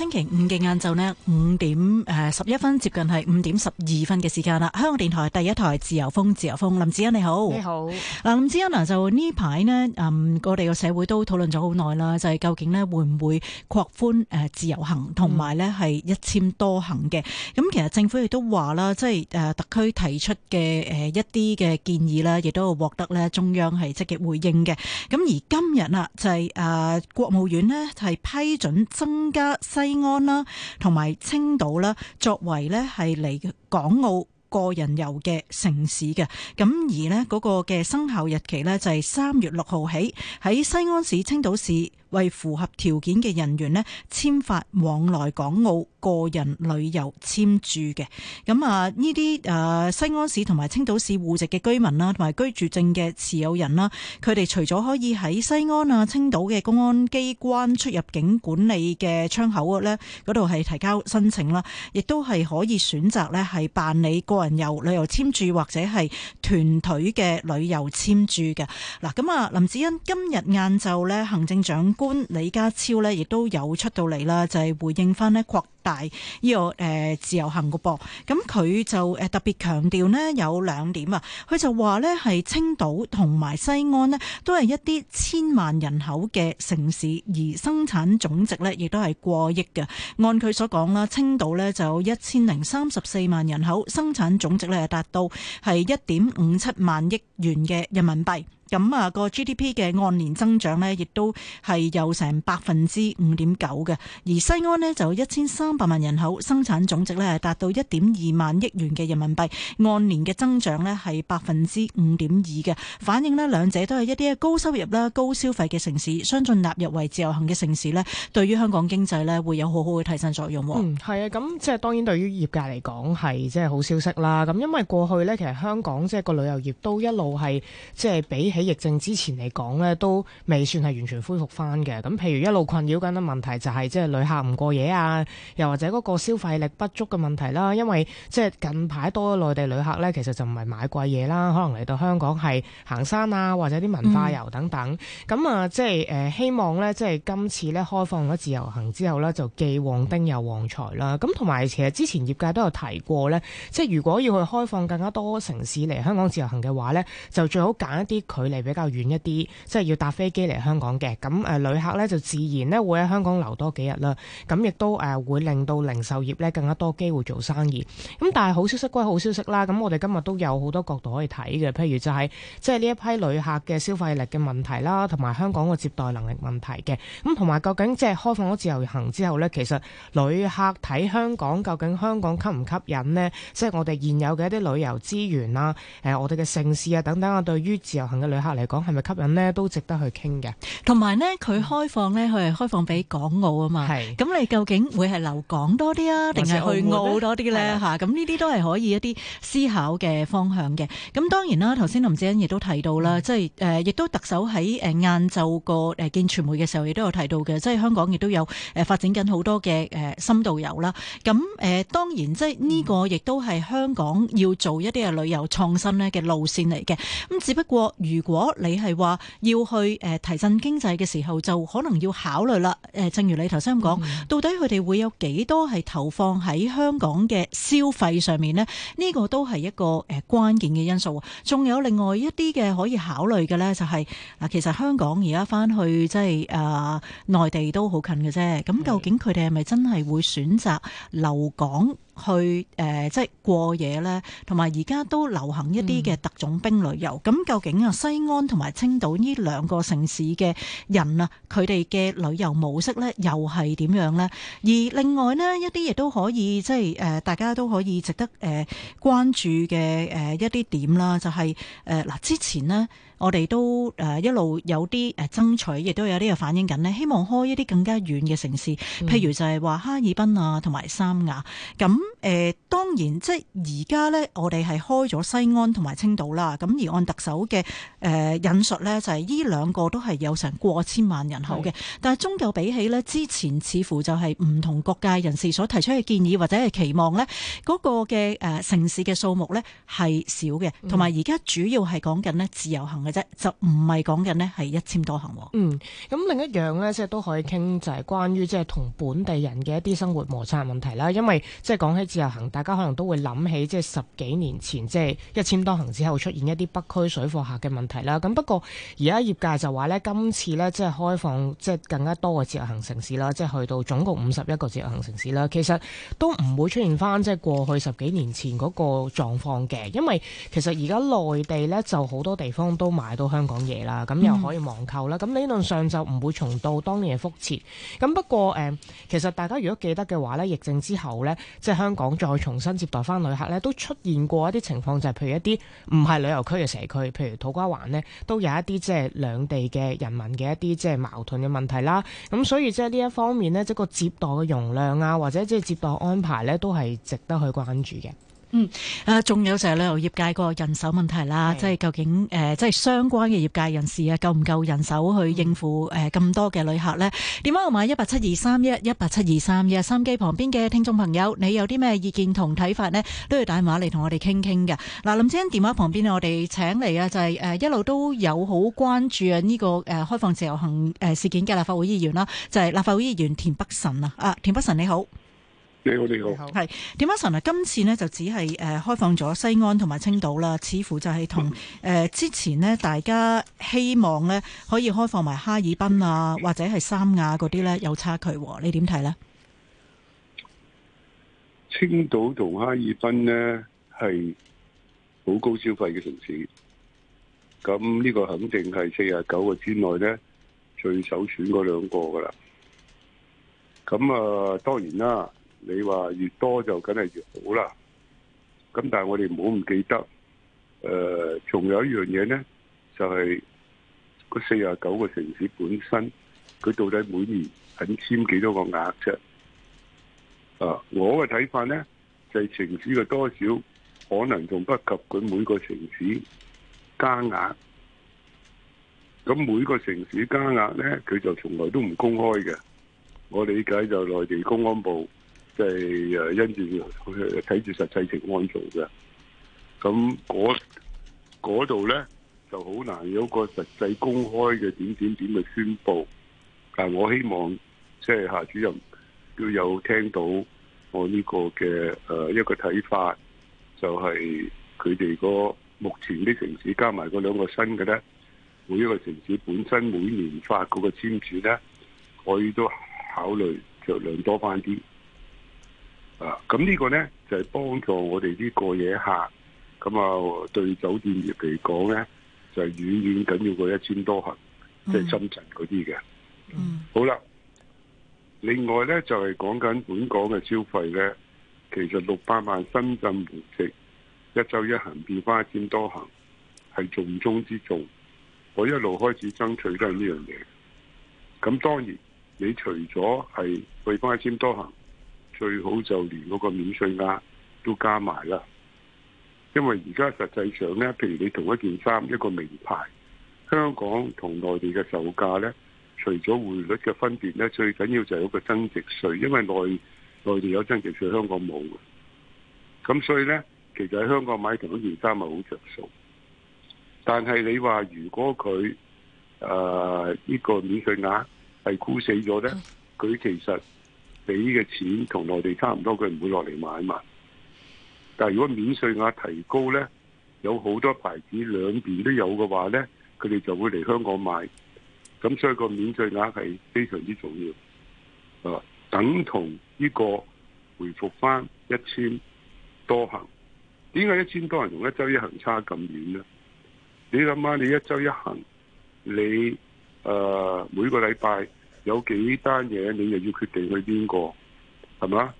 星期五嘅晏晝呢，五點誒十一分，接近係五點十二分嘅時間啦。香港電台第一台自由風，自由風，林子欣你好。你好。嗱，林子欣啊就呢排咧，誒、嗯，我哋個社會都討論咗好耐啦，就係、是、究竟咧會唔會擴寬誒自由行，同埋咧係一簽多行嘅。咁、嗯、其實政府亦都話啦，即係誒特區提出嘅誒一啲嘅建議啦，亦都獲得咧中央係積極回應嘅。咁而今日啊，就係、是、誒、呃、國務院咧係批准增加西。西安啦，同埋青島啦，作為呢係嚟港澳個人遊嘅城市嘅，咁而呢，嗰個嘅生效日期呢，就係三月六號起喺西安市、青島市，為符合條件嘅人員呢，簽發往來港澳個人旅遊簽注嘅，咁啊呢啲誒西安市同埋青島市戶籍嘅居民啦，同埋居住證嘅持有人啦，佢哋除咗可以喺西安啊、青島嘅公安機關出入境管理嘅窗口嘅咧嗰度係提交申請啦，亦都係可以選擇呢係辦理個人遊旅遊簽注或者係團隊嘅旅遊簽注嘅。嗱，咁啊林子恩今日晏晝呢行政長。官李家超呢，亦都有出到嚟啦，就係回應翻呢擴大呢個誒自由行個噃。咁佢就誒特別強調呢，有兩點啊，佢就話呢，係青島同埋西安呢，都係一啲千萬人口嘅城市，而生產總值呢，亦都係過億嘅。按佢所講啦，青島呢就有一千零三十四萬人口，生產總值呢達到係一點五七萬億元嘅人民幣。咁啊，個 GDP 嘅按年增長咧，亦都係有成百分之五點九嘅。而西安咧就一千三百萬人口，生產總值咧係達到一點二萬億元嘅人民幣，按年嘅增長咧係百分之五點二嘅。反映咧兩者都係一啲高收入啦、高消費嘅城市，相信納入為自由行嘅城市咧，對於香港經濟咧會有好好嘅提振作用。嗯，係啊，咁即係當然對於業界嚟講，係即係好消息啦。咁因為過去咧其實香港即係個旅遊業都一路係即係比起喺疫症之前嚟講咧，都未算係完全恢復翻嘅。咁譬如一路困擾緊嘅問題就係即係旅客唔過夜啊，又或者嗰個消費力不足嘅問題啦。因為即係近排多咗內地旅客咧，其實就唔係買貴嘢啦，可能嚟到香港係行山啊，或者啲文化遊等等。咁、嗯、啊，即係誒、呃、希望咧，即係今次咧開放咗自由行之後咧，就既旺丁又旺財啦。咁同埋其實之前業界都有提過咧，即係如果要去開放更加多城市嚟香港自由行嘅話咧，就最好揀一啲佢。離比較遠一啲，即係要搭飛機嚟香港嘅，咁誒、呃、旅客咧就自然咧會喺香港留多幾日啦，咁亦都誒、呃、會令到零售業咧更加多機會做生意。咁、嗯、但係好消息歸好消息啦，咁我哋今日都有好多角度可以睇嘅，譬如就係即係呢一批旅客嘅消費力嘅問題啦，同埋香港嘅接待能力問題嘅，咁同埋究竟即係開放咗自由行之後咧，其實旅客睇香港究竟香港吸唔吸引咧，即、就、係、是、我哋現有嘅一啲旅遊資源啦、啊，誒、呃、我哋嘅城市啊等等啊，對於自由行嘅旅客嚟講係咪吸引咧，都值得去傾嘅。同埋呢，佢開放咧，佢係開放俾港澳啊嘛。係咁，你究竟會係留港多啲啊，定係去澳多啲咧？嚇，咁呢啲都係可以一啲思考嘅方向嘅。咁當然啦，頭先林子欣亦都提到啦，即係誒，亦、呃、都特首喺誒晏晝個誒見傳媒嘅時候，亦都有提到嘅，即係香港亦都有誒發展緊好多嘅誒深度遊啦。咁誒、呃，當然即係呢個亦都係香港要做一啲嘅旅遊創新咧嘅路線嚟嘅。咁只不過如果如果你係話要去誒提振經濟嘅時候，就可能要考慮啦。誒，正如你頭先咁講，到底佢哋會有幾多係投放喺香港嘅消費上面呢？呢、呢個都係一個誒關鍵嘅因素。仲有另外一啲嘅可以考慮嘅呢，就係、係、嗱，其實香港而家翻去即係誒內地都好近嘅啫。咁究竟佢哋係咪真係會選擇留港？去誒即係過夜咧，同埋而家都流行一啲嘅特種兵旅遊。咁、嗯、究竟啊，西安同埋青島呢兩個城市嘅人啊，佢哋嘅旅遊模式咧，又係點樣咧？而另外呢，一啲嘢都可以即係大家都可以值得誒關注嘅一啲點啦、就是，就係嗱之前呢。我哋都誒、呃、一路有啲誒爭取，亦都有啲嘅反映緊呢，希望開一啲更加遠嘅城市、嗯，譬如就係話哈爾濱啊，同埋三亞。咁誒當然，即係而家咧，我哋係開咗西安同埋青島啦。咁而按特首嘅誒、呃、引述咧，就係呢兩個都係有成過千萬人口嘅。但係，終究比起咧之前，似乎就係唔同各界人士所提出嘅建議或者係期望咧，嗰個嘅誒城市嘅數目咧係少嘅。同埋而家主要係講緊咧自由行嘅。就唔係講緊呢係一千多行。嗯，咁另一樣呢，即係都可以傾就係關於即係同本地人嘅一啲生活摩擦問題啦。因為即係講起自由行，大家可能都會諗起即係十幾年前即係一千多行之後出現一啲北區水貨客嘅問題啦。咁不過而家業界就話呢，今次呢，即係開放即係更加多嘅自由行城市啦，即係去到總共五十一個自由行城市啦。其實都唔會出現翻即係過去十幾年前嗰個狀況嘅，因為其實而家內地呢，就好多地方都。買到香港嘢啦，咁又可以網購啦，咁、嗯、理論上就唔會重蹈當年嘅覆轍。咁不過、呃、其實大家如果記得嘅話呢，疫症之後呢，即係香港再重新接待翻旅客呢，都出現過一啲情況，就係譬如一啲唔係旅遊區嘅社區，譬如土瓜灣呢，都有一啲即係兩地嘅人民嘅一啲即係矛盾嘅問題啦。咁所以即係呢一方面呢，即係個接待嘅容量啊，或者即係接待安排呢，都係值得去關注嘅。嗯，啊，仲有就係旅遊業界個人手問題啦，是即係究竟誒、呃，即係相關嘅業界人士啊，夠唔夠人手去應付誒咁、呃、多嘅旅客呢？電話號碼一八七二三一一八七二三一，收音機旁邊嘅聽眾朋友，你有啲咩意見同睇法呢？都要打電話嚟同我哋傾傾嘅。嗱、啊，林欣電話旁邊我哋請嚟、就是、啊，就係誒一路都有好關注啊呢個誒開放自由行誒事件嘅立法會議員啦，就係、是、立法會議員田北辰啊，啊田北辰你好。你好，你好。係點啊，陳啊，今次呢就只係誒開放咗西安同埋青島啦，似乎就係同誒之前呢，大家希望呢可以開放埋哈爾濱啊，或者係三亞嗰啲呢有差距、啊。你點睇呢？青島同哈爾濱呢係好高消費嘅城市，咁呢個肯定係四十九個之內呢最首選嗰兩個噶啦。咁啊，當然啦。你話越多就梗係越好啦，咁但係我哋唔好唔記得，誒，仲有一樣嘢咧，就係個四十九個城市本身，佢到底每年肯簽幾多個額啫？啊，我嘅睇法咧就係、是、城市嘅多少可能仲不及佢每個城市加額，咁每個城市加額咧佢就從來都唔公開嘅，我理解就內地公安部，即係誒，因住睇住實際情況做嘅，咁嗰度咧就好難有個實際公開嘅點點點去宣佈。但我希望即係夏主任都有聽到我呢個嘅誒一個睇法，就係佢哋嗰目前啲城市加埋嗰兩個新嘅咧，每一個城市本身每年發個簽署咧，我亦都考慮酌量多翻啲。啊！咁呢個呢，就係幫助我哋呢個嘢客，咁啊對酒店業嚟講呢，就係遠遠緊要過一千多行，即係深圳嗰啲嘅。嗯。好啦，mm-hmm. mm-hmm. 另外呢，就係講緊本港嘅消費呢。其實六百萬深圳戶籍，一周一行變翻一千多行，係重中之重。我一路開始爭取都係呢樣嘢。咁當然，你除咗係變翻一千多行。最好就連嗰個免稅額都加埋啦，因為而家實際上咧，譬如你同一件衫一個名牌，香港同內地嘅售價咧，除咗匯率嘅分別咧，最緊要就係一個增值稅，因為內、內地有增值稅，香港冇嘅。咁所以咧，其實喺香港買同一件衫係好着數。但係你話如果佢誒呢個免稅額係箍死咗咧，佢其實。俾嘅錢同內地差唔多，佢唔會落嚟買嘛。但係如果免稅額提高呢，有好多牌子兩邊都有嘅話呢，佢哋就會嚟香港買。咁所以個免稅額係非常之重要。等同呢個回覆翻一千多行。點解一千多人同一周一行差咁遠呢？你諗下，你一周一行，你誒、呃、每個禮拜。有幾單嘢，你又要決定去邊個，係嘛？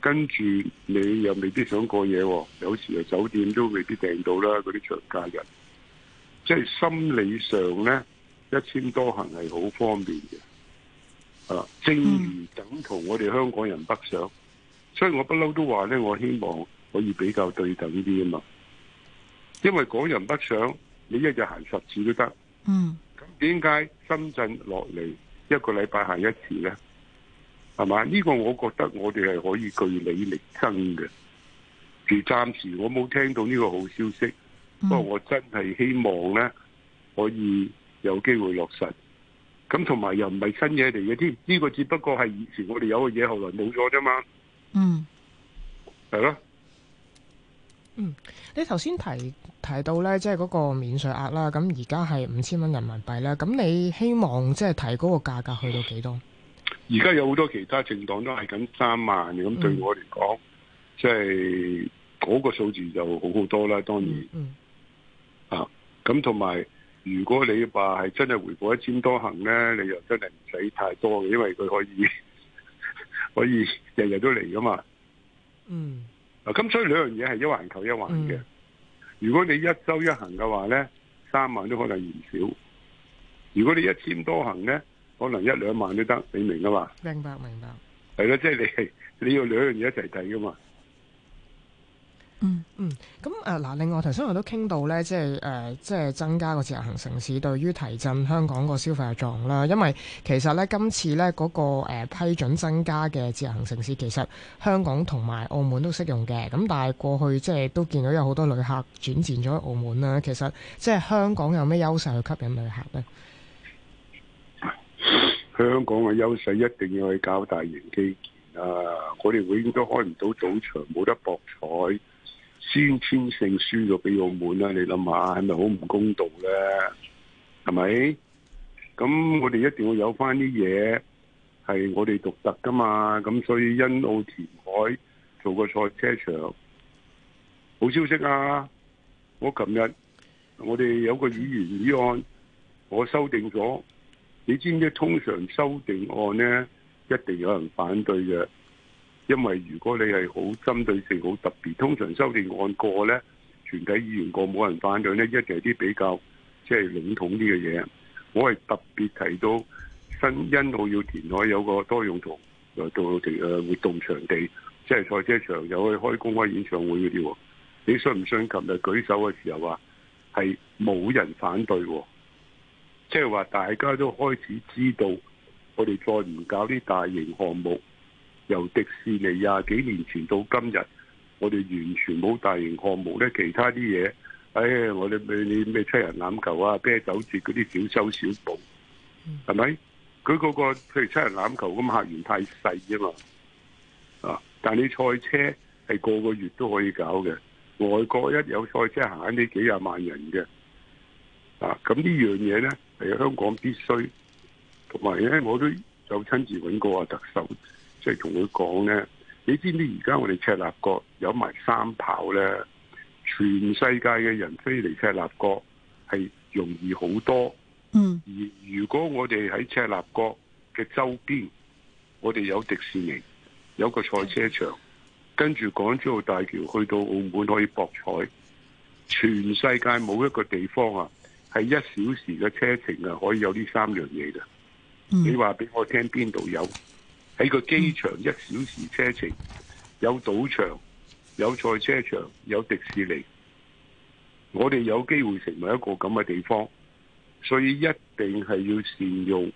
跟住你又未必想過夜喎，啊。有時啊，酒店都未必訂到啦。嗰啲長假人，即係心理上呢，一簽多行係好方便嘅。正如等同我哋香港人北上，嗯，所以我不嬲都話呢，我希望可以比較對等啲啊嘛。因為港人北上，你一日行十次都得。嗯。點解深圳落嚟？一個禮拜行一次咧，係嘛？呢個我覺得我哋係可以據理力爭嘅。而暫時我冇聽到呢個好消息，不過我真係希望咧可以有機會落實。咁同埋又唔係新嘢嚟嘅添，呢個只不過係以前我哋有嘅嘢，後來冇咗啫嘛。嗯，係咯。嗯，你頭先提提到咧，即係嗰個免稅額啦，咁而家係五千蚊人民幣啦，咁你希望即係提高嗰個價格去到幾多？而家有好多其他政黨都係咁三萬，咁對我嚟講，即係嗰個數字就好好多啦，當然。嗯嗯、啊，咁同埋，如果你話係真係回報一千多行咧，你又真係唔使太多嘅，因為佢可以可以日日都嚟噶嘛。嗯。咁所以兩樣嘢係一環扣一環嘅。如果你一周一行嘅話咧，三萬都可能嫌少。如果你一簽多行咧，可能一兩萬都得，你明啊嘛？明白明白。係咯，即係你你要兩樣嘢一齊睇噶嘛？嗯嗯，咁誒嗱，另外頭先我都傾到咧，即係誒、呃，即係增加個自由行城市，對於提振香港個消費嘅作用啦。因為其實咧，今次咧嗰、嗰個、呃、批准增加嘅自由行城市，其實香港同埋澳門都適用嘅。咁但係過去即係都見到有好多旅客轉戰咗澳門啦。其實即係香港有咩優勢去吸引旅客咧？香港嘅優勢一定要去搞大型基建啦、啊。我哋永遠都開唔到賭場，冇得博彩。先天性輸咗俾澳門啦，啊，你諗下係咪好唔公道咧？係咪？咁我哋一定要有翻啲嘢係我哋獨特噶嘛？咁所以欣澳填海做個賽車場，好消息啊！我琴日我哋有個議員議案，我修訂咗。你知唔知通常修訂案咧一定有人反對嘅？因為如果你係好針對性好特別，通常修訂案過呢，全體議員過冇人反對呢，一定係啲比較即係、就是、籠統啲嘅嘢。我係特別提到新欣澳要填海有個多用途來做誒活動場地，即係賽車場又可以開公開演唱會嗰啲。你信唔信？琴日舉手嘅時候啊，係冇人反對，即係話大家都開始知道，我哋再唔搞啲大型項目。由迪士尼啊，廿幾年前到今日，我哋完全冇大型項目咧。其他啲嘢，唉、哎，我哋俾你咩七人欖球啊、啤酒節嗰啲小修小補，係咪？佢、嗯、嗰、嗰個譬如七人欖球咁客源太細啫嘛。啊！但你賽車係個個月都可以搞嘅，外國一有賽車行啲幾廿萬人嘅。啊！咁呢樣嘢咧係香港必須，同埋咧我都有親自揾過阿特首。即係同佢講呢，你知唔知而家我哋赤鱲角有埋三跑呢？全世界嘅人飛嚟赤鱲角係容易好多。嗯。而如果我哋喺赤鱲角嘅周邊，我哋有迪士尼，有個賽車場，嗯、跟住港珠澳大橋去到澳門可以博彩。全世界冇一個地方啊，係一小時嘅車程啊，可以有呢三樣嘢嘅，嗯。你話俾我聽邊度有？喺 個機場一小時車程，有賭場、有賽車場、有迪士尼，我哋有機會成為一個咁嘅地方，所以一定係要善用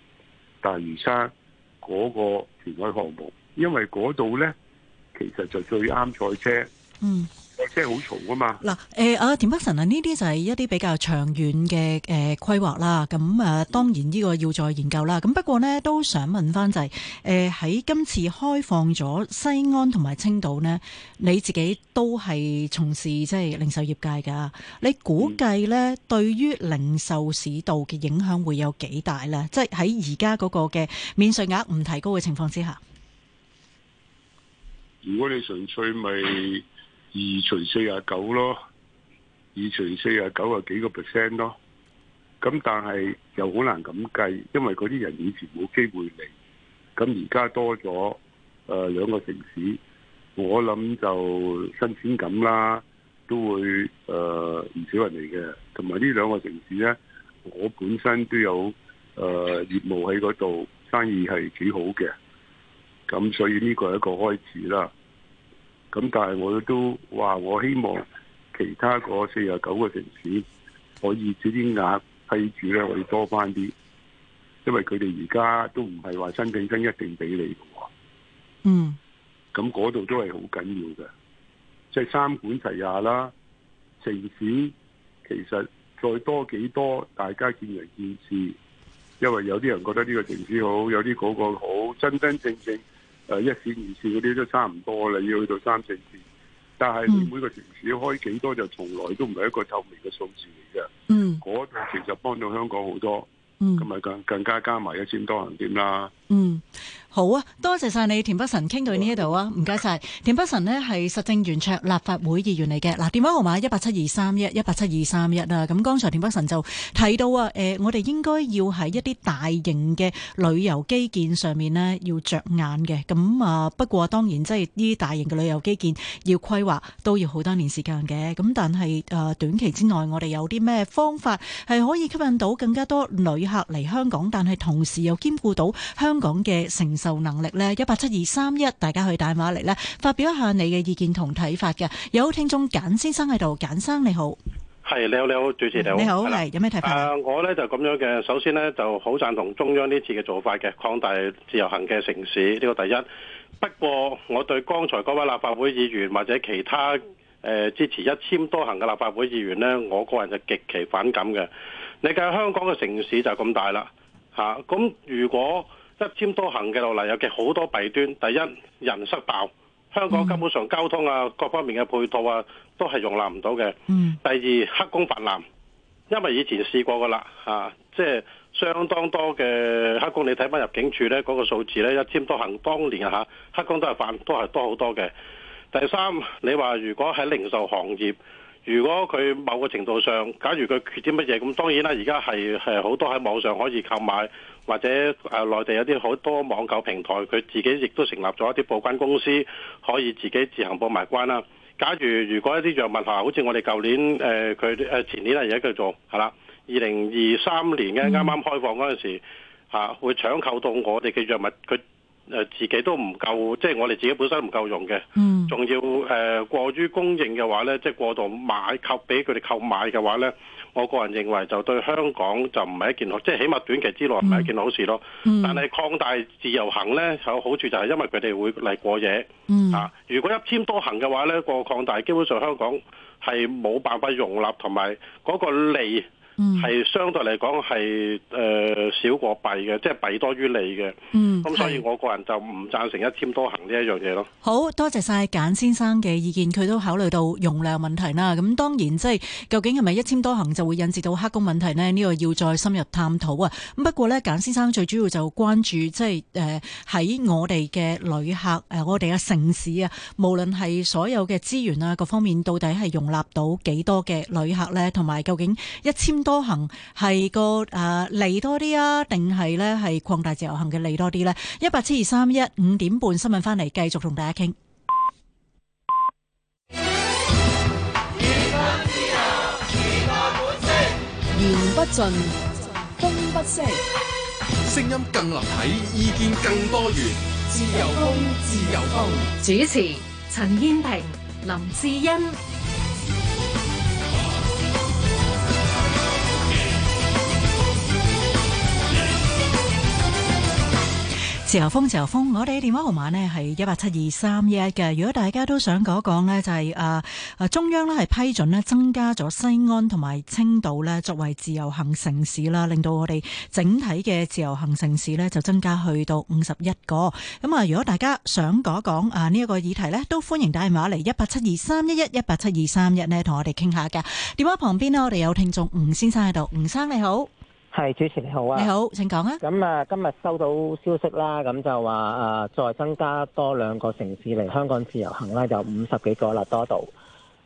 大嶼山嗰個填海項目，因為嗰度呢，其實就最啱賽車。嗯。 即係好嘈啊嘛！嗱，誒啊，田北辰啊，呢啲就係一啲比較長遠嘅誒規劃啦。咁啊，當然呢個要再研究啦。咁不過呢，都想問翻就係、是，誒、呃、喺今次開放咗西安同埋青島呢，你自己都係從事即係零售業界噶。你估計呢、嗯、對於零售市道嘅影響會有幾大呢？即係喺而家嗰個嘅免稅額唔提高嘅情況之下，如果你純粹咪、就是？二除四啊九咯，二除四啊九啊幾個 percent 咯，咁但係又好難咁計，因為嗰啲人以前冇機會嚟，咁而家多咗，誒、呃、兩個城市，我諗就新鮮感啦，都會誒唔、呃、少人嚟嘅，同埋呢兩個城市呢，我本身都有誒、呃、業務喺嗰度，生意係幾好嘅，咁所以呢個係一個開始啦。咁但係我都話，我希望其他嗰四十九個城市可以少啲額批住咧，可以多翻啲，因為佢哋而家都唔係話申請真一定俾你嗯，咁嗰度都係好緊要嘅，即係三管齊下啦。城市其實再多幾多，大家見仁見智，因為有啲人覺得呢個城市好，有啲嗰個好，真真正正。誒一線二線嗰啲都差唔多啦，要去到三四線，但係每個城市開幾多就從來都唔係一個透明嘅數字嚟嘅。嗯，嗰度其實幫到香港好多。嗯，咁咪更更加加埋一千多人點啦？嗯，好啊，多謝晒你，田北辰，傾到呢一度啊，唔該晒。田北辰咧係實政圓桌立法會議員嚟嘅，嗱，電話號碼一八七二三一一八七二三一啊，咁剛才田北辰就提到啊，誒、呃，我哋應該要喺一啲大型嘅旅遊基建上面咧要着眼嘅。咁啊，不過當然即係呢大型嘅旅遊基建要規劃都要好多年時間嘅。咁但係誒、呃、短期之內，我哋有啲咩方法係可以吸引到更加多旅客嚟香港，但係同時又兼顧到香。香港嘅承受能力呢，一八七二三一，大家去大馬嚟咧，發表一下你嘅意見同睇法嘅。有聽眾簡先生喺度，簡生你好。係你好你好，主持你好，你好。係，有咩睇法啊？我呢就咁、是、樣嘅，首先呢，就好贊同中央呢次嘅做法嘅，擴大自由行嘅城市呢，這個第一。不過我對剛才嗰位立法會議員或者其他誒、呃、支持一簽多行嘅立法會議員呢，我個人就極其反感嘅。你計香港嘅城市就咁大啦，吓、啊、咁如果。一簽多行嘅落嚟，尤其好多弊端。第一，人失爆，香港根本上交通啊，各方面嘅配套啊，都係容納唔到嘅。第二，黑工泛濫，因為以前試過噶啦，即、啊、係、就是、相當多嘅黑工。你睇翻入境處咧，嗰、那個數字咧，一簽多行當年吓黑工都係泛，都係多好多嘅。第三，你話如果喺零售行業，如果佢某個程度上，假如佢缺啲乜嘢，咁當然啦，而家係係好多喺網上可以購買。或者誒內地有啲好多網購平台，佢自己亦都成立咗一啲報關公司，可以自己自行報埋關啦。假如如果一啲藥物啊，好似我哋舊年誒佢誒前年啊，而家叫做係啦，二零二三年嘅啱啱開放嗰陣時，嚇、嗯、會搶購到我哋嘅藥物佢。誒自己都唔夠，即係我哋自己本身唔夠用嘅，嗯，仲要誒過於供應嘅話咧，即係過度買購俾佢哋購買嘅話咧，我個人認為就對香港就唔係一件好，即係起碼短期之內唔係一件好事咯。嗯，嗯。但係擴大自由行咧有好處，就係因為佢哋會嚟過夜。嗯，啊，如果一簽多行嘅話咧，嗰個擴大基本上香港係冇辦法容納同埋嗰個利。係、嗯、相對嚟講係誒少過弊嘅，即係弊多於利嘅。咁、嗯、所以我個人就唔贊成一簽多行呢一樣嘢咯。好多謝晒簡先生嘅意見，佢都考慮到容量問題啦。咁當然即係、即係、究竟係咪一簽多行就會引致到黑工問題呢？呢、呢個要再深入探討啊。咁不過呢，簡先生最主要就關注即係誒喺我哋嘅旅客誒、呃，我哋嘅城市啊，無論係所有嘅資源啊、各方面，到底係容納到幾多嘅旅客呢？同埋究竟一簽。多行係個誒利多啲啊，定係咧係擴大自由行嘅利多啲咧？一八七二三一五點半新聞翻嚟，繼續同大家傾。言不盡，風不息，聲音更立體，意見更多元。自由風，自由風。主持：陳燕平、林志欣。自由風，自由風，我哋嘅電話號碼呢係一八七二三一一嘅。如果大家都想講講呢就係、是、誒、啊、中央呢係批准呢增加咗西安同埋青島呢作為自由行城市啦，令到我哋整體嘅自由行城市呢就增加去到五十一個。咁啊，如果大家想講講啊呢一說個議題呢都歡迎打電話嚟，一八七二三一一一八七二三一呢，同我哋傾下㗎。電話旁邊呢，我哋有聽眾吳先生喺度，吳生你好。係，主持你好啊！你好，請講啊！咁啊，今日收到消息啦，咁就話啊，再增加多兩個城市嚟香港自由行啦，就五十幾個啦，多度。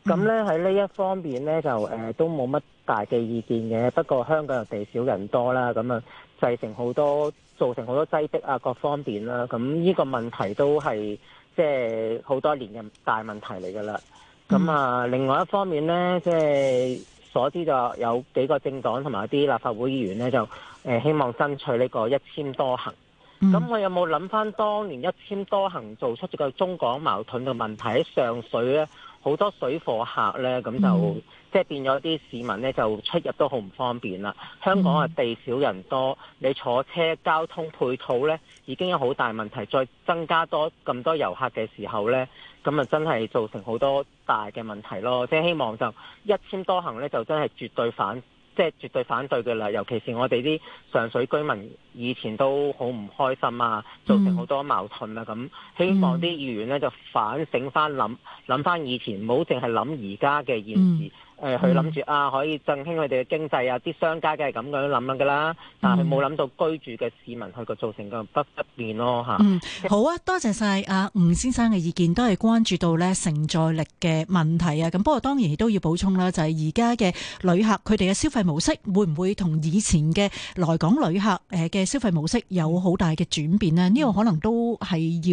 咁咧喺呢一方面咧，就誒、呃、都冇乜大嘅意見嘅。不過香港人地少人多啦，咁啊製成好多造成好多擠迫啊，各方面啦。咁呢個問題都係即係好多年嘅大問題嚟噶啦。咁啊，另外一方面咧，即、就、係、是。所知就有幾個政黨同埋啲立法會議員咧，就誒希望爭取呢個一簽多行。咁我有冇諗翻當年一簽多行做出咗個中港矛盾嘅問題喺上水咧？好多水貨客呢，咁就、嗯、即係變咗啲市民呢，就出入都好唔方便啦。香港係地少人多，嗯，你坐車交通配套呢，已經有好大問題。再增加多咁多遊客嘅時候呢，咁啊真係造成好多大嘅問題咯。即係希望就一簽多行呢，就真係絕對反。即係絕對反對嘅啦，尤其是我哋啲上水居民以前都好唔開心啊，造成好多矛盾啊，咁希望啲議員咧就反省翻諗，諗翻以前，唔好淨係諗而家嘅現時。嗯誒佢諗住啊，可以振興佢哋嘅經濟啊！啲商家梗係咁樣諗諗㗎啦，但係冇諗到居住嘅市民去個造成個不不便咯嚇。嗯，好啊，多謝晒阿吳先生嘅意見，都係關注到呢承載力嘅問題啊。咁不過當然亦都要補充啦，就係而家嘅旅客佢哋嘅消費模式會唔會同以前嘅來港旅客誒嘅消費模式有好大嘅轉變呢？呢、呢個可能都係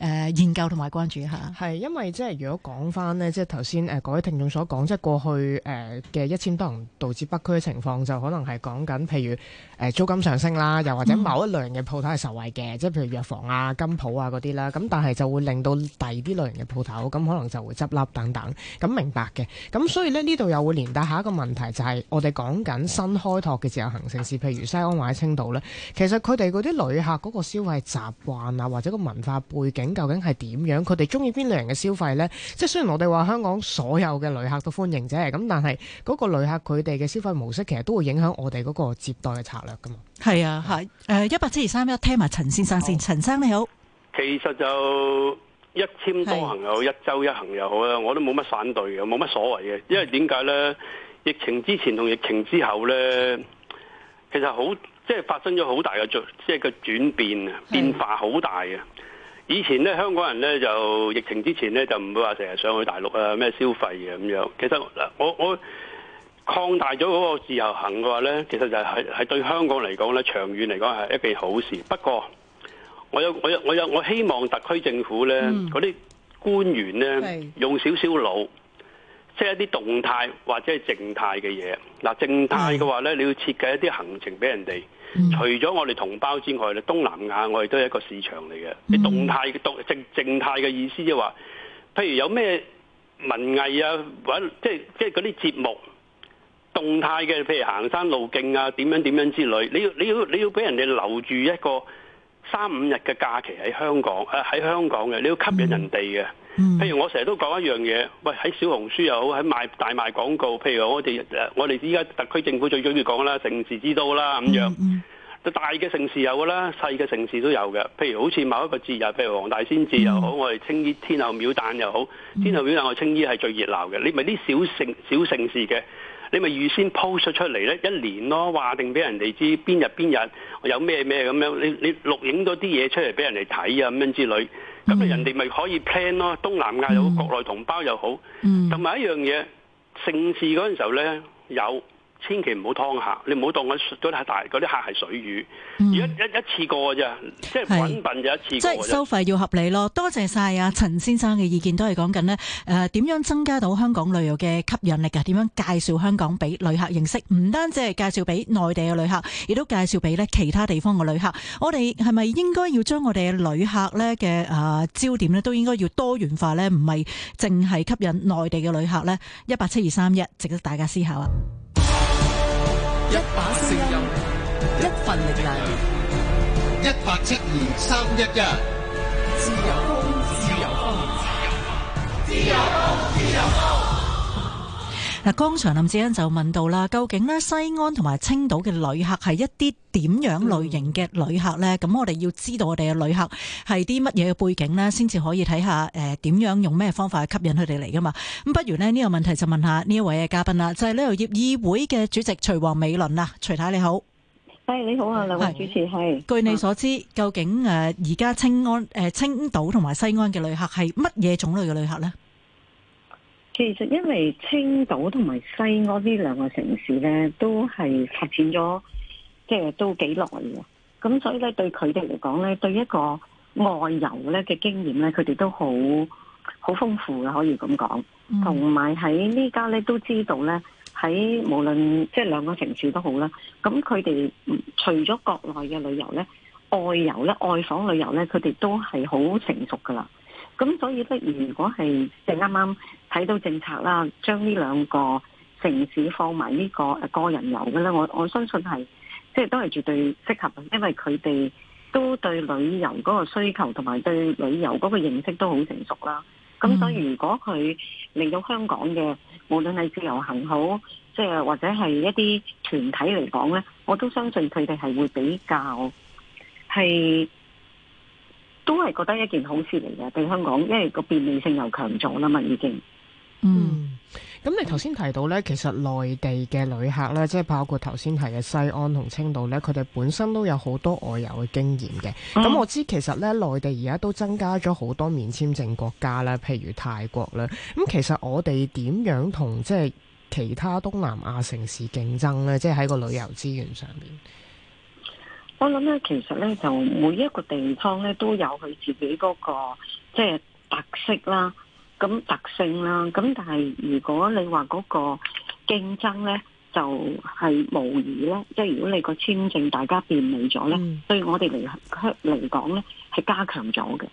要誒研究同埋關注一下。係因為即係如果講翻呢，即係頭先誒各位聽眾所講，即係過去。佢、呃、嘅一千多人導致北區嘅情況，就可能係講緊譬如誒、呃、租金上升啦，又或者某一類型嘅鋪頭係受惠嘅，即、嗯、係譬如藥房啊、金鋪啊嗰啲啦。咁但係就會令到第二啲類型嘅鋪頭咁可能就會執笠等等。咁明白嘅。咁所以呢，呢度又會連帶下一個問題，就係、是、我哋講緊新開拓嘅自由行城市，譬如西安或者青島呢。其實佢哋嗰啲旅客嗰個消費習慣啊，或者個文化背景究竟係點樣？佢哋中意邊類型嘅消費呢？即係雖然我哋話香港所有嘅旅客都歡迎，即咁，但係嗰個旅客佢哋嘅消費模式，其實都會影響我哋嗰個接待嘅策略噶嘛。係啊，係誒，一八七二三一，聽埋陳先生先。陳、oh. 生你好，其實就一簽多行又好，一周一行又好咧，我都冇乜反對嘅，冇乜所謂嘅，因為點解呢、嗯？疫情之前同疫情之後呢，其實好即係發生咗好大嘅轉，即係個轉變啊，變化好大啊。以前咧，香港人咧就疫情之前咧就唔會話成日上去大陸啊咩消費嘅咁樣。其實嗱，我我擴大咗嗰個自由行嘅話咧，其實就係、係、係對香港嚟講咧，長遠嚟講係一件好事。不過我有我有我有我希望特區政府咧嗰啲官員咧用少少腦，即係一啲動態或者係靜態嘅嘢。嗱、呃，靜態嘅話咧，你要設計一啲行程俾人哋。嗯、除咗我哋同胞之外咧，東南亞我哋都係一個市場嚟嘅。你動態嘅，動靜靜態嘅意思即係話，譬如有咩文藝啊，或者即係即係嗰啲節目，動態嘅譬如行山路徑啊，點樣點樣之類，你要你要你要俾人哋留住一個三五日嘅假期喺香港，誒喺香港嘅，你要吸引人哋嘅。嗯嗯、譬如我成日都講一樣嘢，喂喺小紅書又好喺大賣廣告，譬如我哋誒我哋依家特區政府最鍾意講啦，城市之都啦咁樣，就大嘅城市有噶啦，細嘅城市都有嘅。譬如好似某一個節日，譬如黃大仙節又好，嗯、我哋青衣天后廟誕又好，天后廟誕我青衣係最熱鬧嘅。你咪啲小城小城市嘅，你咪預先 post 出嚟咧，一年咯話定俾人哋知邊日邊日有咩咩咁樣，你你錄影咗啲嘢出嚟俾人哋睇啊咁樣之類。咁、嗯、啊，人哋咪可以 plan 咯，東南亞有國內同胞又好，同、嗯、埋、嗯、一樣嘢，盛事嗰陣時候咧有。千祈唔好劏客，你唔好當嗰嗰啲大嗰啲客係水魚，一、嗯、一次過嘅啫，即係揾笨就一次過即係、就是、收費要合理咯。多謝晒啊，陳先生嘅意見都係講緊呢誒點樣增加到香港旅遊嘅吸引力啊，點樣介紹香港俾旅客認識，唔單止係介紹俾內地嘅旅客，亦都介紹俾呢其他地方嘅旅客。我哋係咪應該要將我哋嘅旅客呢嘅誒焦點呢？都應該要多元化呢，唔係淨係吸引內地嘅旅客呢。一八七二三一，值得大家思考啊！一把聲音，一份力量，一八七二三一一。自由行，自由行，自由行。自由行，自由行。嗱，剛才林志恩就問到啦，究竟呢西安同埋青島嘅旅客係一啲點樣類型嘅旅客呢？咁、嗯、我哋要知道我哋嘅旅客係啲乜嘢嘅背景呢，先至可以睇下誒點樣用咩方法去吸引佢哋嚟噶嘛？咁不如呢呢、呢個問題就問下呢一位嘅嘉賓啦，就係旅遊業議會嘅主席徐王美倫啦，徐太你好。誒、hey, 你好啊，兩位主持。係據你所知，究竟誒而家青安、呃、青島同埋西安嘅旅客係乜嘢種類嘅旅客呢？其實因為青島同埋西安呢兩個城市咧，都係發展咗即係都幾耐嘅，咁所以咧，對佢哋嚟講咧，對一個外遊咧嘅經驗咧，佢哋都好好豐富嘅，可以咁講。同埋喺呢家咧都知道咧，喺無論即係兩個城市都好啦，咁佢哋除咗國內嘅旅遊咧，外遊咧、外訪旅遊咧，佢哋都係好成熟噶啦。咁所以，呢，如果係即啱啱睇到政策啦，將呢兩個城市放埋呢個誒個人遊嘅咧，我我相信係即係都係絕對適合，因為佢哋都對旅遊嗰個需求同埋對旅遊嗰個認識都好成熟啦。咁所以，如果佢嚟到香港嘅，無論係自由行好，即係或者係一啲團體嚟講咧，我都相信佢哋係會比較係。都係覺得一件好事嚟嘅，對香港，因為個便利性又強咗啦嘛，已經。嗯。咁、嗯、你頭先提到呢，其實內地嘅旅客呢，即係包括頭先提嘅西安同青島呢，佢哋本身都有好多外遊嘅經驗嘅。咁、嗯、我知其實呢，內地而家都增加咗好多免簽證國家啦，譬如泰國啦。咁其實我哋點樣同即係其他東南亞城市競爭呢？即係喺個旅遊資源上面。我諗咧，其實咧就每一個地方咧都有佢自己嗰個即係特色啦，咁特性啦，咁但係如果你話嗰個競爭咧，就係無疑咧，即係如果你個簽證大家便利咗咧，對我哋嚟嚟講咧係加強咗嘅。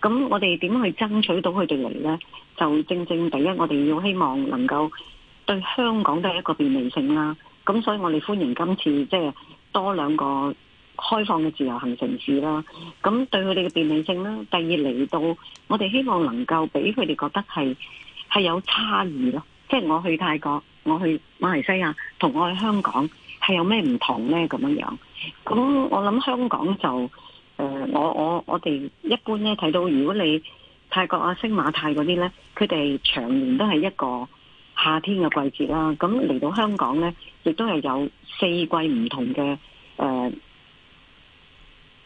咁我哋點去爭取到佢哋嚟咧？就正正第一，我哋要希望能夠對香港都係一個便利性啦。咁所以我哋歡迎今次即係多兩個。開放嘅自由行城市啦，咁對佢哋嘅便利性啦。第二嚟到，我哋希望能夠俾佢哋覺得係係有差異咯。即係我去泰國、我去馬來西亞，同我去香港係有咩唔同呢？咁樣樣。咁我諗香港就誒，我我我哋一般咧睇到，如果你泰國啊、星馬泰嗰啲呢，佢哋長年都係一個夏天嘅季節啦。咁嚟到香港呢，亦都係有四季唔同嘅誒，呃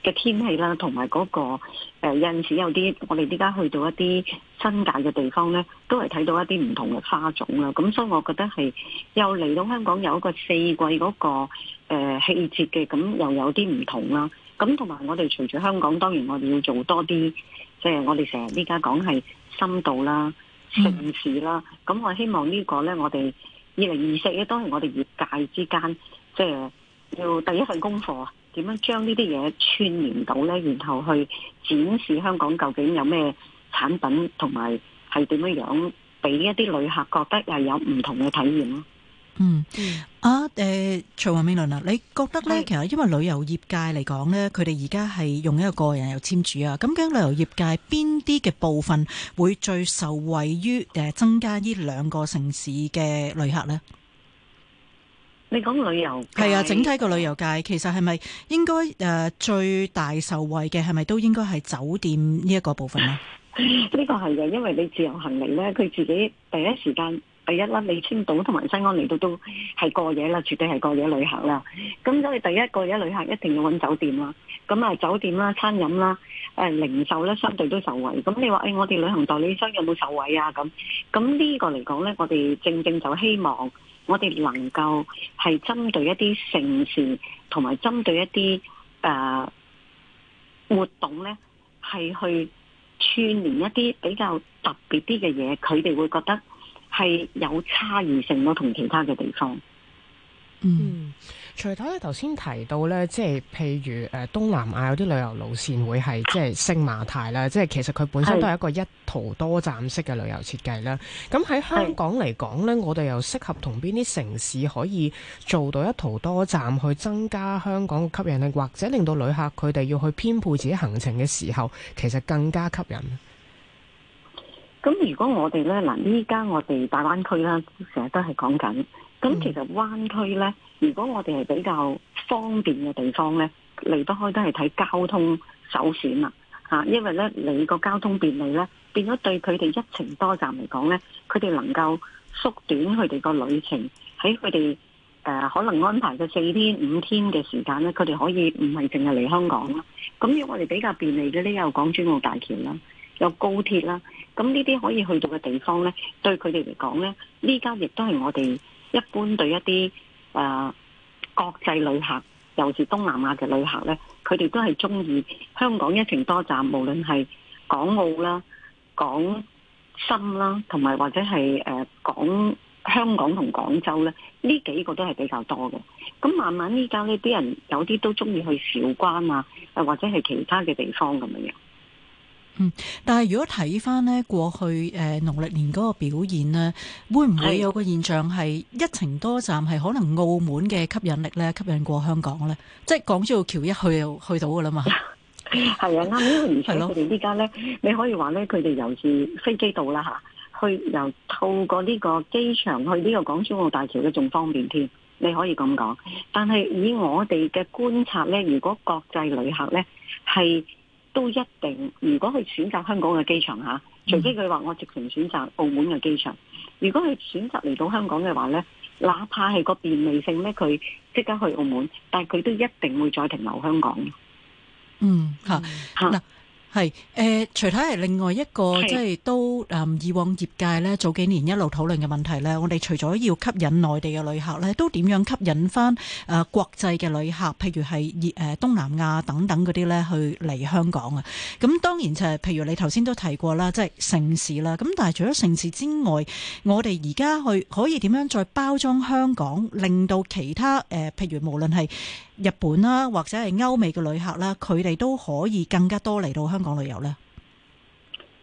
嘅天氣啦，同埋嗰個、呃、因此有啲，我哋依家去到一啲新界嘅地方咧，都係睇到一啲唔同嘅花種啦。咁所以，我覺得係又嚟到香港有一個四季嗰、那個誒、呃、氣節嘅，咁又有啲唔同啦。咁同埋我哋除咗香港，當然我哋要做多啲，即、就、係、是、我哋成日依家講係深度啦、城市啦。咁、嗯、我希望這個呢個咧，我哋二零二四，咧，都係我哋業界之間，即、就、係、是、要第一份功課。點樣將呢啲嘢串連到呢？然後去展示香港究竟有咩產品同埋係點樣樣，俾一啲旅客覺得係有唔同嘅體驗咯。嗯，啊，誒、呃，徐王美倫啊，你覺得呢？其實因為旅遊業界嚟講呢，佢哋而家係用一個個人遊簽署啊。咁究竟旅遊業界邊啲嘅部分會最受惠於誒增加呢兩個城市嘅旅客呢？你講旅遊，係啊，整體個旅遊界其實係咪應該誒最大受惠嘅係咪都應該係酒店呢一個部分咧？呢個係嘅，因為你自由行嚟咧，佢自己第一時間第一粒你青島同埋西安嚟到都係過夜啦，絕對係過夜旅客啦。咁所以第一個嘅夜旅客一定要揾酒店啦，咁啊酒店啦、餐飲啦、誒零售咧相對都受惠。咁你話誒我哋旅行代理商有冇受惠啊？咁咁呢個嚟講咧，我哋正正就希望。我哋能夠係針對一啲城市，同埋針對一啲誒、呃、活動咧，係去串聯一啲比較特別啲嘅嘢，佢哋會覺得係有差異性咯，同其他嘅地方。嗯，除咗你頭先提到咧，即係譬如誒，東南亞有啲旅遊路線會係即係星馬泰啦，即係其實佢本身都係一個一途多站式嘅旅遊設計啦。咁喺香港嚟講咧，我哋又適合同邊啲城市可以做到一途多站，去增加香港嘅吸引力，或者令到旅客佢哋要去編配自己行程嘅時候，其實更加吸引。咁如果我哋咧，嗱，依家我哋大灣區啦，成日都係講緊。咁其實灣區呢，如果我哋係比較方便嘅地方呢，離不開都係睇交通首選啦嚇。因為呢，你個交通便利呢，變咗對佢哋一程多站嚟講呢，佢哋能夠縮短佢哋個旅程，喺佢哋誒可能安排個四天五天嘅時間呢，佢哋可以唔係淨係嚟香港啦。咁如果我哋比較便利嘅呢，有港珠澳大橋啦，有高鐵啦，咁呢啲可以去到嘅地方呢，對佢哋嚟講呢，呢家亦都係我哋。一般對一啲誒、呃、國際旅客，尤其是東南亞嘅旅客呢，佢哋都係中意香港一程多站，無論係港澳啦、港深啦，同埋或者係誒、呃、港香港同廣州呢，呢幾個都係比較多嘅。咁慢慢依家呢，啲人有啲都中意去韶關啊，或者係其他嘅地方咁樣。嗯，但係如果睇翻咧，過去誒農曆年嗰個表現咧，會唔會有個現象係一程多站係可能澳門嘅吸引力咧吸引過香港咧？即係港珠澳橋一去就去到噶啦嘛？係 啊，啱。因為而且佢哋依家咧，你可以話咧，佢哋由是飛機到啦吓，去由透過呢個機場去呢個港珠澳大橋嘅仲方便添。你可以咁講，但係以我哋嘅觀察咧，如果國際旅客咧係。都一定，如果佢選擇香港嘅機場嚇、啊，除非佢話我直情選擇澳門嘅機場。如果佢選擇嚟到香港嘅話呢，哪怕係個便利性咧，佢即刻去澳門，但係佢都一定會再停留香港。嗯，嚇、嗯、嚇。啊。係誒除睇係另外一個是即係都誒、嗯、以往業界咧早幾年一路討論嘅問題咧，我哋除咗要吸引內地嘅旅客咧，都點樣吸引翻誒、呃、國際嘅旅客，譬如係誒、呃、東南亞等等嗰啲咧去嚟香港啊？咁當然就係、是、譬如你頭先都提過啦，即、就、係、是、城市啦。咁但係除咗城市之外，我哋而家去可以點樣再包裝香港，令到其他誒、呃、譬如無論係日本啦，或者係歐美嘅旅客啦，佢哋都可以更加多嚟到香港。講旅遊咧，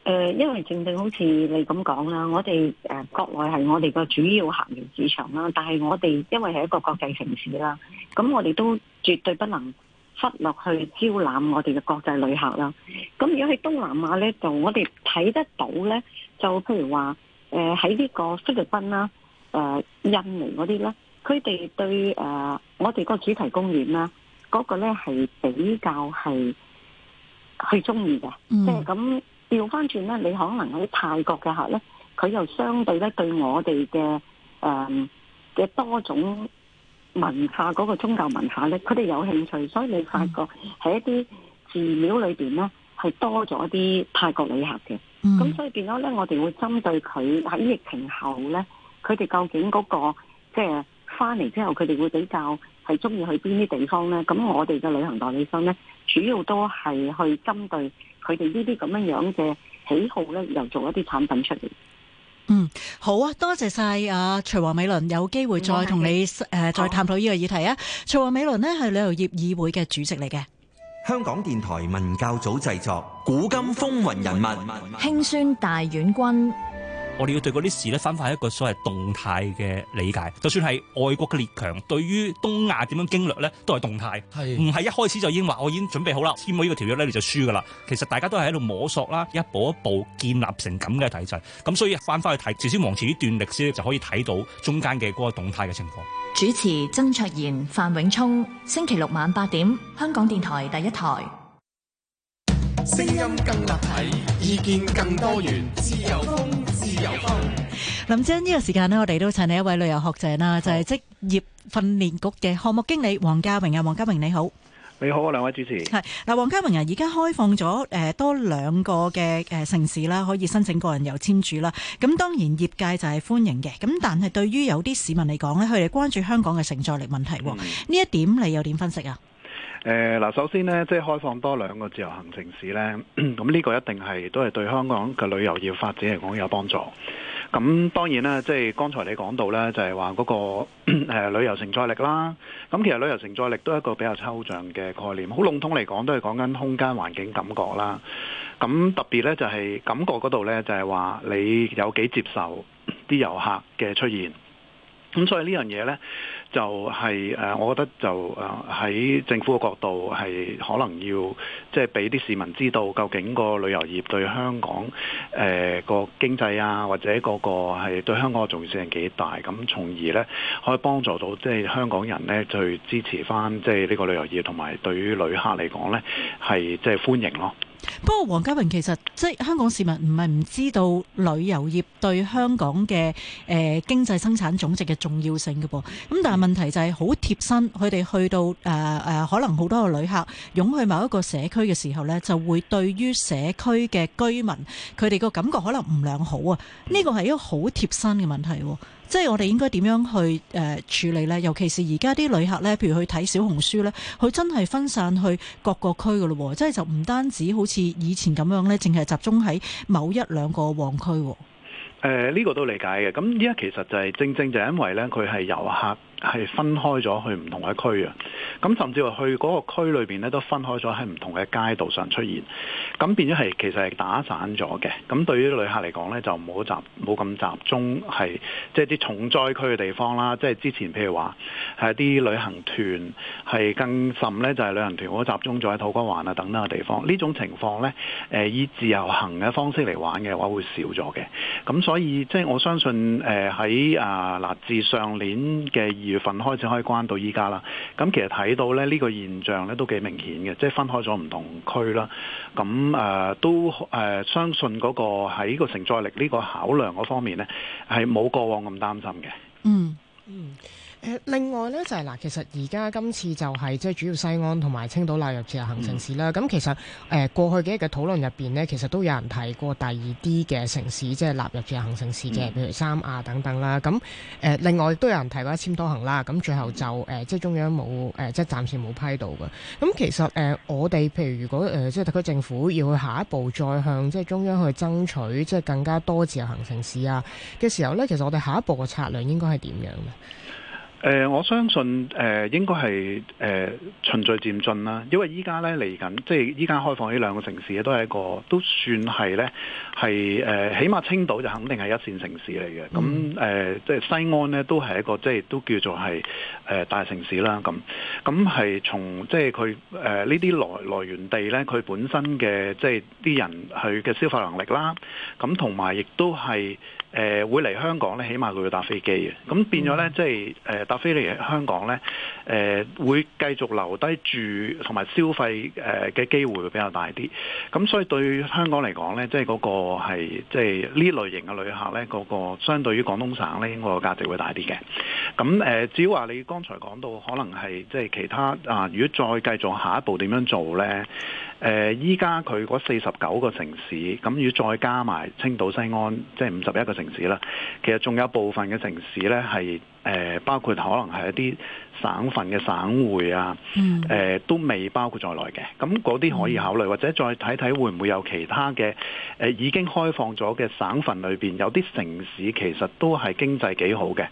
誒，因為正正好似你咁講啦，我哋誒，國內係我哋個主要客源市場啦，但係我哋因為係一個國際城市啦，咁我哋都絕對不能忽略去招攬我哋嘅國際旅客啦。咁如果喺東南亞咧，就我哋睇得到咧，就譬如話誒喺呢個菲律賓啦，誒印尼嗰啲咧，佢哋對誒我哋個主題公園啦，嗰、個咧係比較係。去中意嘅，即係咁調翻轉咧，你可能喺啲泰國嘅客咧，佢又相對咧對我哋嘅誒嘅多種文化嗰、那個宗教文化咧，佢哋有興趣，所以你發覺喺一啲寺廟裏面咧，係多咗啲泰國旅客嘅，咁、嗯、所以變咗咧，我哋會針對佢喺疫情後咧，佢哋究竟嗰、那個即係翻嚟之後，佢哋會比較。係中意去邊啲地方呢？咁我哋嘅旅行代理商呢，主要都係去針對佢哋呢啲咁樣樣嘅喜好呢，又做一啲產品出嚟。嗯，好啊，多謝晒啊徐王美倫，有機會再同你誒、呃嗯、再探討呢個議題啊。徐王美倫呢係旅遊業議會嘅主席嚟嘅。香港電台文教組製作《古今風雲人物》興宣大院君，興宣大院君。我哋要對嗰啲事咧翻翻一個所謂動態嘅理解，就算係外國嘅列強對於東亞點樣經略咧，都係動態，係唔係一開始就已經話我已經準備好啦，簽咗呢個條約咧你就輸噶啦？其實大家都係喺度摸索啦，一步一步建立成咁嘅體制，咁所以翻翻去睇朝鮮王朝呢段歷史咧，就可以睇到中間嘅嗰個動態嘅情況。主持曾卓賢、范永聰，星期六晚八點，香港電台第一台。聲音更立體，意見更多元，自由風。林欣呢、呢個時間呢，我哋都請嚟一位旅遊學者啦，就係、是、職業訓練局嘅項目經理黃家榮啊。黃家榮你好。你好啊兩位主持。係嗱，黃家榮啊，而家開放咗誒多兩個嘅誒城市啦，可以申請個人遊簽注啦。咁當然業界就係歡迎嘅，咁但係對於有啲市民嚟講呢，佢哋關注香港嘅承載力問題。呢、嗯、一點你又點分析啊？嗱、呃，首先呢，即係開放多兩個自由行城市呢，咁呢個一定係都係對香港嘅旅遊業發展嚟講有幫助。咁當然啦，即係剛才你講到呢，就係話嗰個、呃、旅遊承載力啦。咁其實旅遊承載力都係一個比較抽象嘅概念，好籠統嚟講，都係講緊空間環境感覺啦。咁特別呢，就係、是、感覺嗰度呢，就係、是、話你有幾接受啲遊客嘅出現。咁所以呢樣嘢呢。就係誒，我覺得就誒喺政府嘅角度係可能要即係俾啲市民知道究竟個旅遊業對香港誒個經濟啊，或者嗰個係對香港嘅重要性幾大，咁從而呢，可以幫助到即係香港人呢，去支持翻即係呢個旅遊業，同埋對於旅客嚟講呢，係即係歡迎咯。不過，黃家榮其實即係香港市民唔係唔知道旅遊業對香港嘅誒經濟生產總值嘅重要性嘅噃。咁但係問題就係好貼身，佢哋去到誒誒、呃，可能好多個旅客湧去某一個社區嘅時候呢，就會對於社區嘅居民，佢哋個感覺可能唔良好啊。呢個係一個好貼身嘅問題。即係我哋應該點樣去誒處理呢？尤其是而家啲旅客呢，譬如去睇小紅書呢，佢真係分散去各個區噶咯，即係就唔單止好似以前咁樣呢，淨係集中喺某一兩個旺區。誒、呃，呢、這個都理解嘅。咁而家其實就係、是、正正就係因為呢，佢係遊客。係分開咗去唔同嘅區啊，咁甚至話去嗰個區裏邊咧都分開咗喺唔同嘅街道上出現，咁變咗係其實係打散咗嘅。咁對於旅客嚟講咧，就冇集冇咁集中係即係啲重災區嘅地方啦。即係之前譬如話係啲旅行團係更甚咧，就係旅行團好集中咗喺土瓜灣啊等等嘅地方。呢種情況咧，誒以自由行嘅方式嚟玩嘅話，會少咗嘅。咁所以即係我相信誒喺啊嗱，自上年嘅二月份開始開關到依家啦，咁其實睇到咧呢個現象咧都幾明顯嘅，即係分開咗唔同區啦。咁誒都誒相信嗰個喺個承載力呢個考量嗰方面呢，係冇過往咁擔心嘅。嗯嗯。另外呢，就係嗱，其實而家今次就係即係主要西安同埋青島納入自由行城市啦。咁、嗯、其實誒過去幾日嘅討論入面呢，其實都有人提過第二啲嘅城市即係、就是、納入自由行城市嘅，譬如三亞等等啦。咁誒另外亦都有人提過一簽多行啦。咁最後就即係中央冇即係暫時冇批到嘅。咁其實誒我哋譬如如果即係特區政府要去下一步再向即係中央去爭取即係更加多自由行城市啊嘅時候呢，其實我哋下一步嘅策略應該係點樣嘅？誒、呃，我相信誒、呃、應該係誒、呃、循序漸進啦，因為依家咧嚟緊，即係依家開放呢兩個城市都係一個都算係咧係誒，起碼青島就肯定係一線城市嚟嘅。咁、嗯、誒、呃，即係西安咧，都係一個即係都叫做係誒、呃、大城市啦。咁咁係從即係佢誒呢啲來來源地咧，佢本身嘅即係啲人佢嘅消費能力啦，咁同埋亦都係。誒、呃、會嚟香港咧，起碼佢要搭飛機嘅，咁變咗咧，即係搭飛機嚟香港咧，誒、呃、會繼續留低住同埋消費嘅機會會比較大啲，咁所以對香港嚟講咧，即係嗰個係即係呢類型嘅旅客咧，嗰、那個相對於廣東省咧，應、那、該個價值會大啲嘅。咁誒，至於、呃、話你剛才講到可能係即係其他啊，如果再繼續下一步點樣做咧？誒、呃，依家佢四十九個城市，咁要再加埋青島、西安，即係五十一個城市啦。其實仲有部分嘅城市呢，係、呃、包括可能係一啲省份嘅省會啊、呃，都未包括在內嘅。咁嗰啲可以考慮，或者再睇睇會唔會有其他嘅、呃、已經開放咗嘅省份裏面。有啲城市其實都係經濟幾好嘅，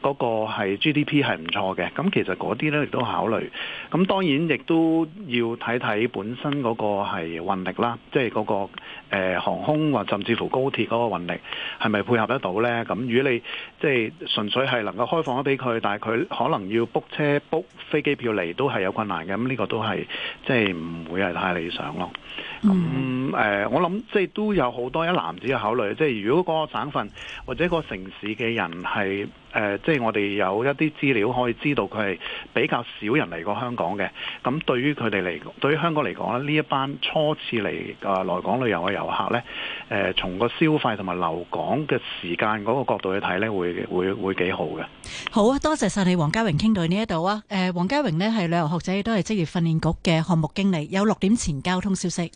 嗰、嗰個係 GDP 係唔錯嘅。咁其實嗰啲呢，亦都考慮。咁當然亦都要睇睇本身、嗰個嗰個係運力啦，即係嗰個、呃、航空或甚至乎高鐵嗰個運力係咪配合得到呢？咁如果你即係、就是、純粹係能夠開放咗俾佢，但係佢可能要 book 車 book 飛機票嚟，都係有困難嘅。咁呢個都係即係唔會係太理想咯。咁誒、 嗯呃，我諗即係都有好多一籃子嘅考慮。即係如果個省份或者個城市嘅人係誒、呃，即係我哋有一啲資料可以知道佢係比較少人嚟過香港嘅。咁對於佢哋嚟，對於香港嚟講咧，呢一班初次嚟誒來港旅遊嘅遊客咧，誒、呃，從個消費同埋留港嘅時間嗰個角度去睇咧，會會會幾好嘅。好啊，多謝晒你，黃、呃、家榮傾到呢一度啊。誒，黃家榮呢係旅遊學者，亦都係職業訓練局嘅項目經理。有六點前交通消息。